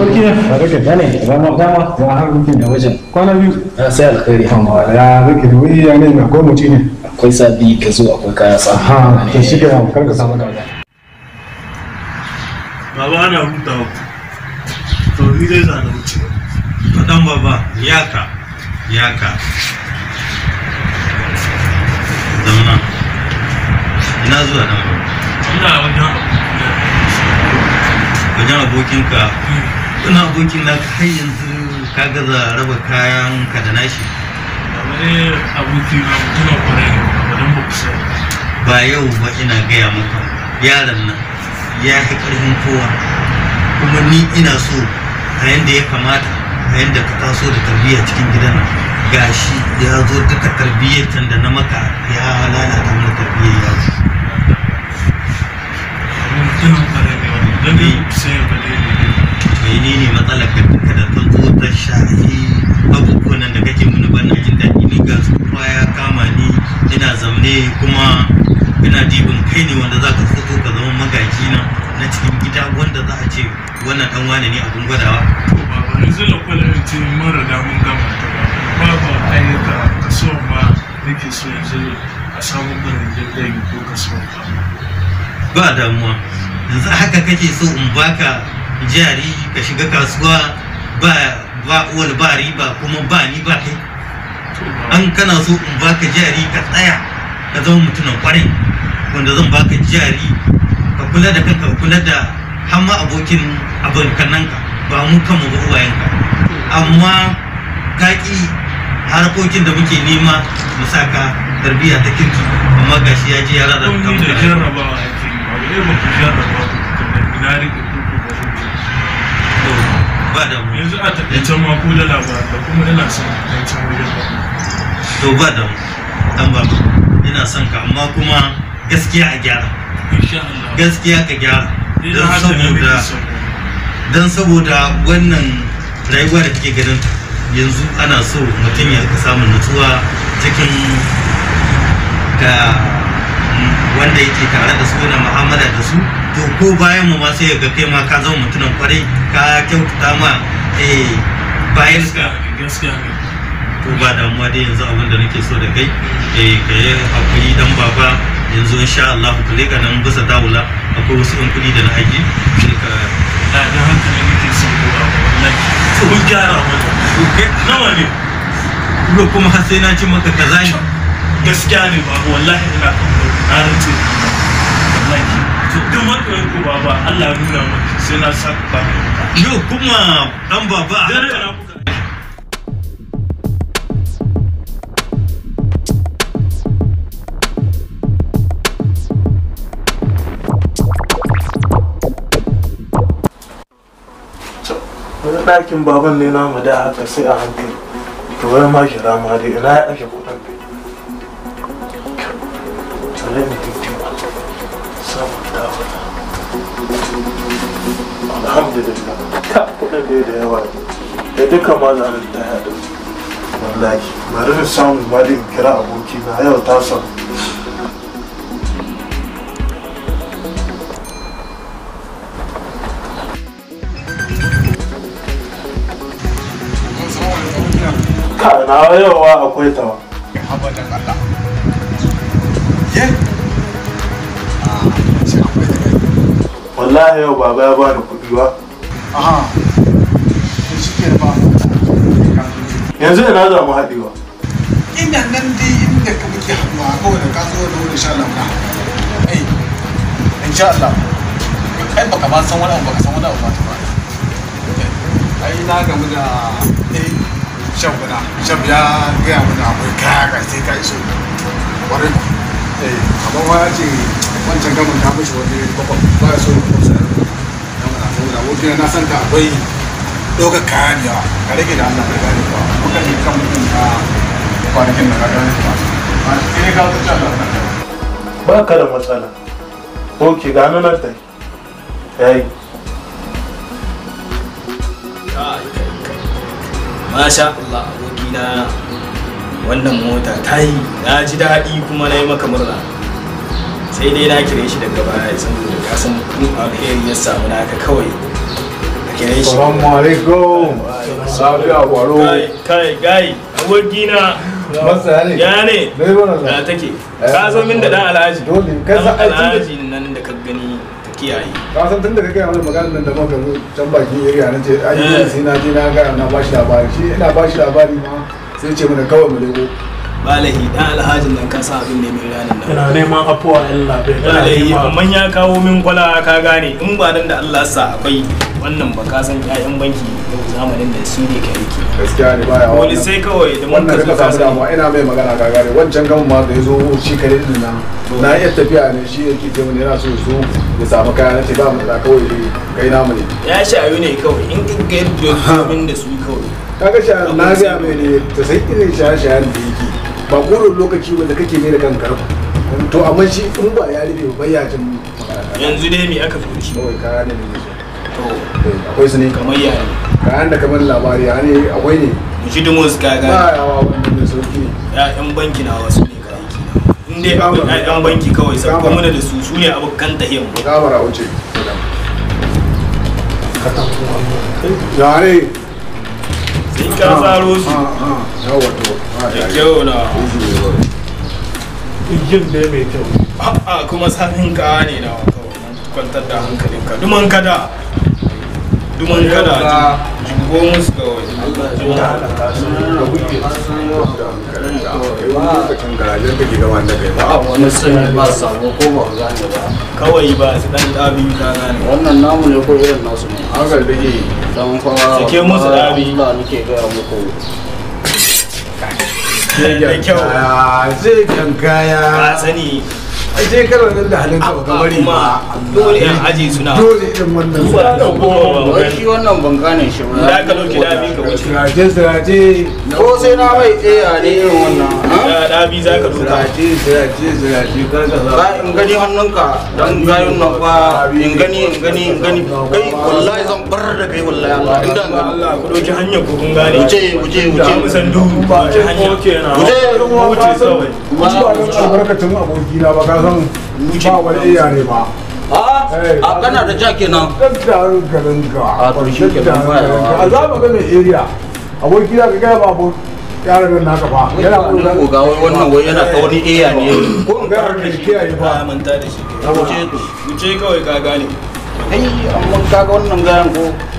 barki ne barka da ne zama biyu na sai alkhairi hamawa ya rike da ne na gwamnati ne akwai sabi ka zo akwai kaya sa ha to shi ga kar ka samu kaza baba ana ni ina zuwa nan ina wajen wajen abokinka hmm. ina abokin na hanyar yanzu ka gaza raba kayan ka da nashi wani eh, aboki na mutuna kwarai wadan ba kusa ba yau ba ina gaya maka yaran nan ya fi karfin kowa kuma ni ina so a yanda ya kamata a yanda ka taso da tarbiyya cikin gidan nan gashi ya zo duka tarbiyyar can da na maka ya lalata mana tarbiyyar ya zo. Mutunan kwarai ne wani, don sai ya ne kuma ina dibin kai ne wanda zaka fito ka zama magaji na na cikin gida wanda za a ce wannan dan wane ne abun gwadawa to baba yanzu lokal ce mara da mun gama ta baba ka kaso ma nake so yanzu a samu da dai ko kaso ba damuwa yanzu haka kake so in baka jari ka shiga kasuwa ba ba uwal ba riba kuma ba ni ba kai an kana so in baka jari ka tsaya ka zama mutumin kwarai wanda zan baka jari ka kula da kanka ka kula da hamma abokin abokan nan ka ba mu kanmu ba uwayenka amma ka ki harkokin da muke nema mu saka tarbiyya ta kirki amma gashi ya je ya rada kan mu jarrabawa yake ba ne ba ku jarrabawa na rike ba da mu yanzu a takaicen ma ko da labarai kuma yana son a takaicen wajen ba to ba da mu dan ba ina son ka amma kuma gaskiya a gyara gaskiya ka gyara don saboda don saboda wannan rayuwa da kake ganin yanzu ana so mutum ya samun nutsuwa cikin da wanda yake tare da su yana mu'amala da su to ko bayan mu ma sai ga kai ma ka zama mutumin kwarai ka kyautata ma eh bayan gaskiya ko ba damuwa dai yanzu abin da nake so da kai eh ka yi hakuri dan baba yanzu insha Allah ku leka nan bisa dawula akwai wasu ɗan kudi da na haji sai ka da dan hankali nake so ko a wallahi ku gyara wannan nawa ne ko kuma har sai na ci maka kaza ne gaskiya ne ba wallahi ina kan rantsi wallahi duk makoyin ku baba Allah nuna mu sai na saka ba yo kuma dan baba dare na wani ɗakin baban ne na da haka sai a hankali to wani ma shi ma dai ina ya ake kuɗin ne tare ne dindin ba samun dafa alhamdulillah ta kuɗin ne da yawa ne da duka ma zanen ta yaɗa wallahi bari samun ma da in kira aboki na yau ta samu Kai na wa akwai ta. Haba dan Allah. Ye. Wallahi yau baba ya bani kuɗi ba. Aha. Shi ba. Yanzu ina za mu haɗewa. Ina nan dai inda ka muke haɗuwa ko da ka zo da wani sha lamba. Ai, insha Allah. Kai baka ba san wani abu baka san wani abu ba Ai na gamu da eh, shan kuɗa shan ya gaya mana akwai kaya ga sai ka warin eh kamar ce wancan gamin ta mishi wani kwakwam ba ya so kwakwam sai na da wani na san akwai doka kaya ka rage da Allah ka gane ba kan mutum ka kwanakin da ka gane ba ta. ba ka da matsala ga nan da yayi masha Allah abokina wannan mota ta yi na ji daɗi kuma na yi maka murna sai dai na kire shi daga baya saboda ka san kun alheri ya samu naka kawai a kire shi salamu alaikum safiya kwaro kai gai abokina ya ne na take eh, ka san min da dan alhaji dole ka san alhaji nan da ka gani kiyaye ka san tun da kake mana maganar nan da muka zo can bakin area na ce ai sai na je na ga na bashi labari shi ina bashi labari ma sai ce mana kawai mu lego balahi dan alhajin nan ka sa abin neman ranin nan ina neman afuwa Allah bai balahi amma ya kawo min kwala ka gane in ba dan da Allah sa akwai wannan ba ka san ƴaƴan banki zamanin da su ne ka rike gaskiya ne baya wani sai kawai da mun ka zo ka ina mai magana ga gare wancan kan ma da yazo shi kare din nan na iya tafiya ne shi yake ce mun yana so su ya samu kaya na ce ba mu da kawai kai namu ne ya shi ayu ne kawai in kin ga yadda abin da su kawai kaga shi na ga mai ne ta sai irin shaye-shayen da yake ba kodon lokaci wanda kake mai da kanka to amma shi in ba ya rufe ba ya jin yanzu dai me aka fi shi kawai kaya ne ne to eh, akwai su ne kamar yare kayan da kamar labari ya ne akwai ne shi dumo su kaga ba yawa wannan sauki ne ya yan banki na wasu ne ga aiki na in dai abin yan banki kawai sai kuma muna da su su ne abokan tahiyan mu ga bara wuce ya ne sai ka tsaro su ah, ah. Ah, ya wato da kyau na jin dai mai kyau a kuma sanin ka ne na kwantar da hankalinka duman kada duman kada ko musu kawai ba wani sani ba sabo ko ba gane ba kawai ba su dan dabi ta gane wannan namu ne ko irin nasu ne an garbe ke dan fa sake musu dabi ba nake gaya muku da kyau zai kankaya sani ai je kar wannan da halin ka ga bari ma dole in aji suna dole in wannan ba da ba shi wannan ban gane shi ba da ka dauki da bi ka wuce ziraje ziraje ko sai na mai tsaya ne irin wannan da da bi za ka duka ziraje ziraje ziraje kar ka za in gani hannunka dan gayin nan ba in gani in gani in gani kai wallahi zan bar da kai wallahi Allah inda Allah ku dauki hanyar ku kun gane wuce wuce wuce mu san duhu wuce hanya wuce wuce wuce kawai wuce ba albarkatun abokina ba san ba ba a eh, kana da ja kenan tattarin garin ga a ƙarshe kenan a za mu gane area aboki za ka gaya ba yaran naka fa yana ko ga wannan wai yana ta wani iya ne ko ga da yayi manta da shi kawai ka gane ai amma kaga wannan gayan ko